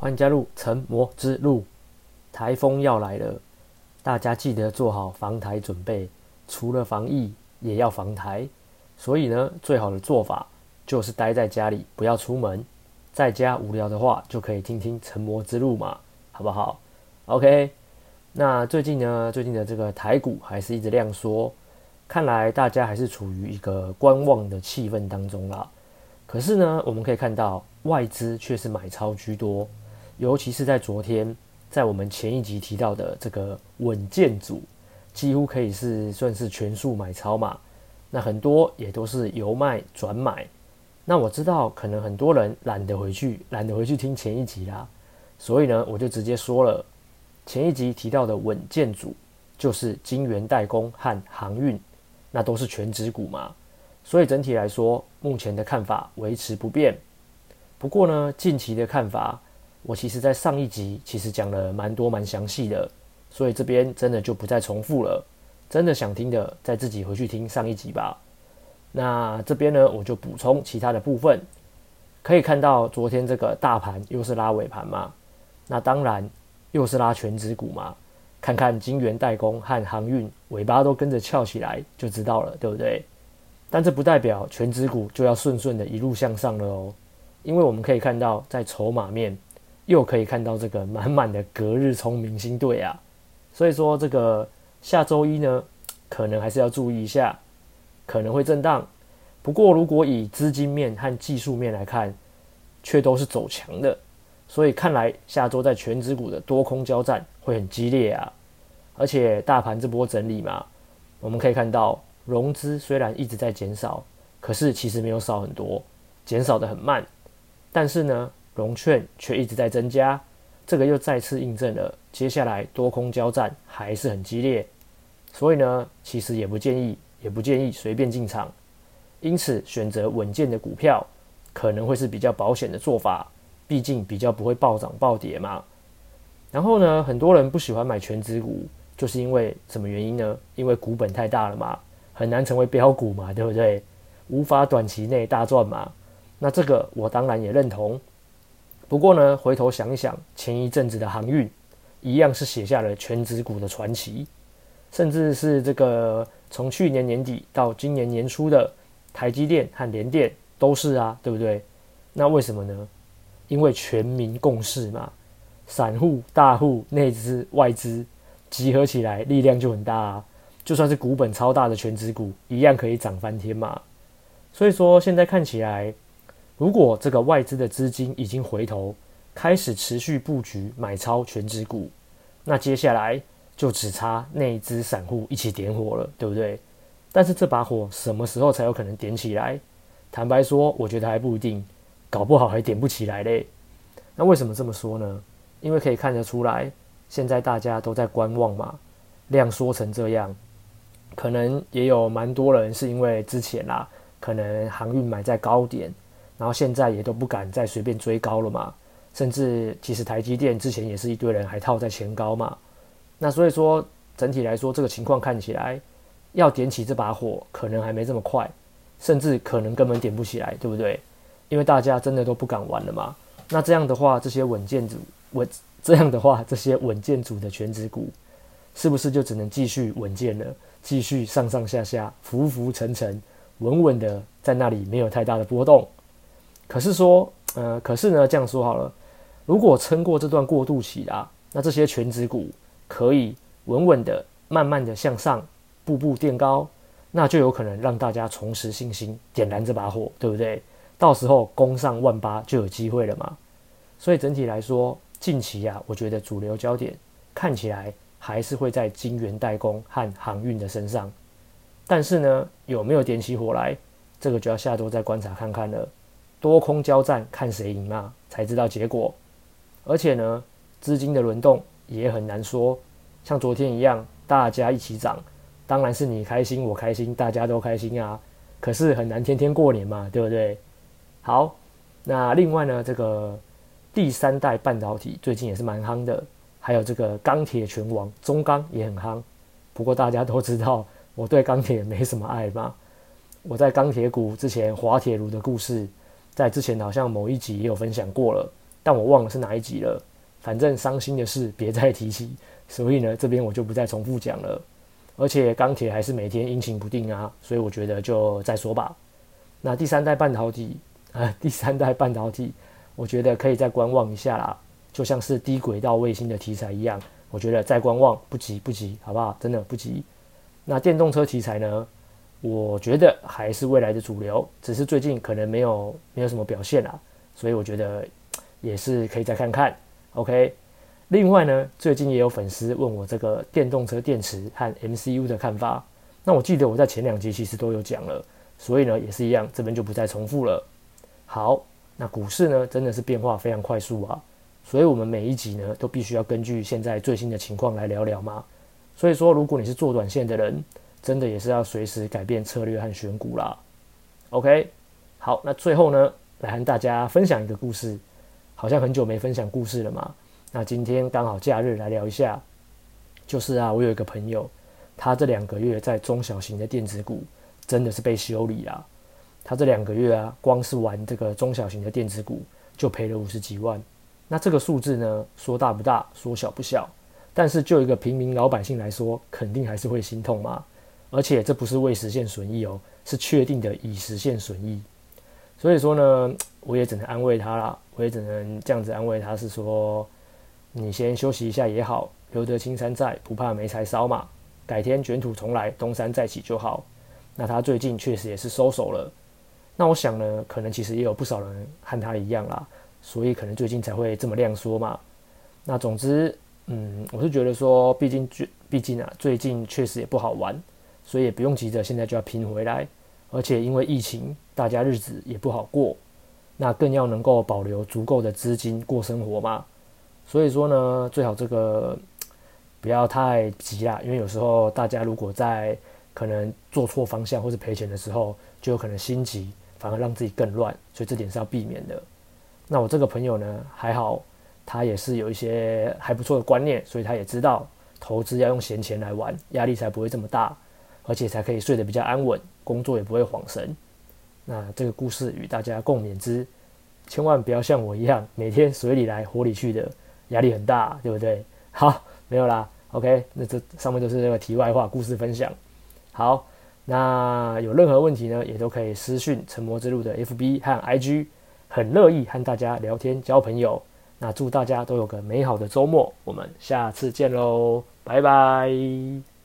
歡迎加入成魔之路。颱風要來了，大家記得做好防台準備。除了防疫，也要防台。所以呢，最好的做法就是待在家裡，不要出門。在家無聊的話，就可以聽聽成魔之路嘛，好不好？OK。那最近呢，最近的這個台股還是一直量縮，看來大家還是處於一個觀望的氣氛當中啦。可是呢，我們可以看到外資卻是買超居多。尤其是在昨天，在我們前一集提到的這個穩健組，幾乎可以是算是全數買超嘛。那很多也都是由賣轉買。那我知道可能很多人懶得回去，懶得回去聽前一集啦。所以呢，我就直接說了，前一集提到的穩健組就是晶圓代工和航運，那都是權值股嘛。所以整體來說，目前的看法維持不變。不過呢，近期的看法。我其實，在上一集其實講了蠻多蠻詳細的，所以這邊真的就不再重複了。真的想聽的，再自己回去聽上一集吧。那這邊呢，我就補充其他的部分。可以看到，昨天這個大盤又是拉尾盤嘛，那當然又是拉權值股嘛。看看晶圓代工和航運尾巴都跟着翹起來，就知道了，對不對？但這不代表權值股就要順順的一路向上了哦，因為我們可以看到在籌碼面。又可以看到這個滿滿的隔日沖明星隊啊，所以說這個下周一呢，可能還是要注意一下，可能會震盪。不過如果以資金面和技術面來看，卻都是走強的，所以看來下周在權值股的多空交戰會很激烈啊。而且大盤這波整理嘛，我們可以看到融資雖然一直在減少，可是其實沒有少很多，減少得很慢，但是呢。融券卻一直在增加，這個又再次印證了接下來多空交戰還是很激烈。所以呢，其實也不建議，也不建議隨便進場。因此，選擇穩健的股票可能會是比較保險的做法，畢竟比較不會暴漲暴跌嘛。然後呢，很多人不喜歡買權值股，就是因為什麼原因呢？因為股本太大了嘛，很難成為飆股嘛，對不對？無法短期內大賺嘛。那這個我當然也認同。不過呢，回頭想想，前一陣子的航運，一樣是寫下了權值股的傳奇，甚至是這個從去年年底到今年年初的台積電和聯電都是啊，對不對？那為什麼呢？因為全民共識嘛，散戶、大戶、內資、外資集合起來力量就很大啊，就算是股本超大的權值股，一樣可以漲翻天嘛。所以說，現在看起來。如果這個外資的資金已經回頭，開始持續佈局買超權值股，那接下來就只差內資散戶一起點火了，對不對？但是這把火什麼時候才有可能點起來？坦白說，我覺得還不一定，搞不好還點不起來嘞。那為什麼這麼說呢？因為可以看得出來，現在大家都在觀望嘛，量縮成這樣，可能也有蠻多人是因為之前啦，可能航運買在高點。然後現在也都不敢再隨便追高了嘛，甚至其實台積電之前也是一堆人還套在前高嘛。那所以說整體來說，這個情況看起來要點起這把火，可能還沒這麼快，甚至可能根本點不起來，對不對？因為大家真的都不敢玩了嘛。那這樣的話，這些穩健組穩這樣的話，這些穩健組的權值股是不是就只能繼續穩健了，繼續上上下下、浮浮沉沉，穩穩的在那裡，沒有太大的波動？可是說，呃，可是呢，這樣說好了，如果撐過這段過渡期啊，那這些權值股可以穩穩的、慢慢的向上，步步墊高，那就有可能讓大家重拾信心，點燃這把火，對不對？到時候攻上萬八就有機會了嘛。所以整體來說，近期啊，我覺得主流焦點看起來還是會在晶圓代工和航運的身上，但是呢，有沒有點起火來，這個就要下周再觀察看看了。多空交戰，看誰贏嘛，才知道結果。而且呢，資金的輪動也很難說。像昨天一樣，大家一起漲，當然是你開心我開心，大家都開心啊。可是很難天天過年嘛，對不對？好，那另外呢，這個第三代半導體最近也是蠻夯的，還有這個鋼鐵拳王中鋼也很夯。不過大家都知道，我對鋼鐵沒什麼愛吧？我在鋼鐵股之前，滑鐵盧的故事。在之前好像某一集也有分享過了，但我忘了是哪一集了。反正傷心的事別再提起，所以呢，這邊我就不再重複講了。而且鋼鐵還是每天陰晴不定啊，所以我覺得就再說吧。那第三代半導體啊、呃，第三代半導體，我覺得可以再觀望一下啦，就像是低軌道衛星的題材一樣，我覺得再觀望，不急不急，好不好？真的不急。那電動車題材呢？我覺得還是未來的主流，只是最近可能沒有沒有什麼表現啦，所以我覺得也是可以再看看。OK，另外呢，最近也有粉絲問我這個電動車電池和 MCU 的看法，那我記得我在前兩集其實都有講了，所以呢也是一樣，這邊就不再重複了。好，那股市呢真的是變化非常快速啊，所以我們每一集呢都必須要根據現在最新的情況來聊聊嘛。所以說，如果你是做短線的人，真的也是要隨時改變策略和選股啦。OK，好，那最後呢，來和大家分享一個故事，好像很久沒分享故事了嘛。那今天剛好假日來聊一下，就是啊，我有一個朋友，他這兩個月在中小型的電子股真的是被修理啦。他這兩個月啊，光是玩這個中小型的電子股就賠了五十幾萬。那這個數字呢，說大不大，說小不小，但是就一個平民老百姓來說，肯定還是會心痛嘛。而且這不是未實現損益哦，是確定的已實現損益。所以說呢，我也只能安慰他啦，我也只能這樣子安慰他，是說你先休息一下也好，留得青山在，不怕沒柴燒嘛。改天卷土重來，東山再起就好。那他最近確實也是收手了。那我想呢，可能其實也有不少人和他一樣啦，所以可能最近才會這麼量縮嘛。那總之，嗯，我是覺得說，畢竟畢竟啊，最近確實也不好玩。所以也不用急着現在就要拼回來，而且因為疫情，大家日子也不好過，那更要能夠保留足夠的資金過生活嘛。所以說呢，最好這個不要太急啦，因為有時候大家如果在可能做錯方向或是賠錢的時候，就有可能心急，反而讓自己更亂。所以這點是要避免的。那我這個朋友呢，還好，他也是有一些還不錯的觀念，所以他也知道投資要用閒錢來玩，壓力才不會這麼大。而且才可以睡得比較安穩，工作也不會晃神。那這個故事與大家共勉之，千萬不要像我一樣每天水裡來火裡去的，壓力很大，對不對？好，沒有啦，OK。那這上面都是那個題外話，故事分享。好，那有任何問題呢，也都可以私訊《成魔之路》的 FB 和 IG，很樂意和大家聊天交朋友。那祝大家都有個美好的週末，我們下次見嘍，拜拜。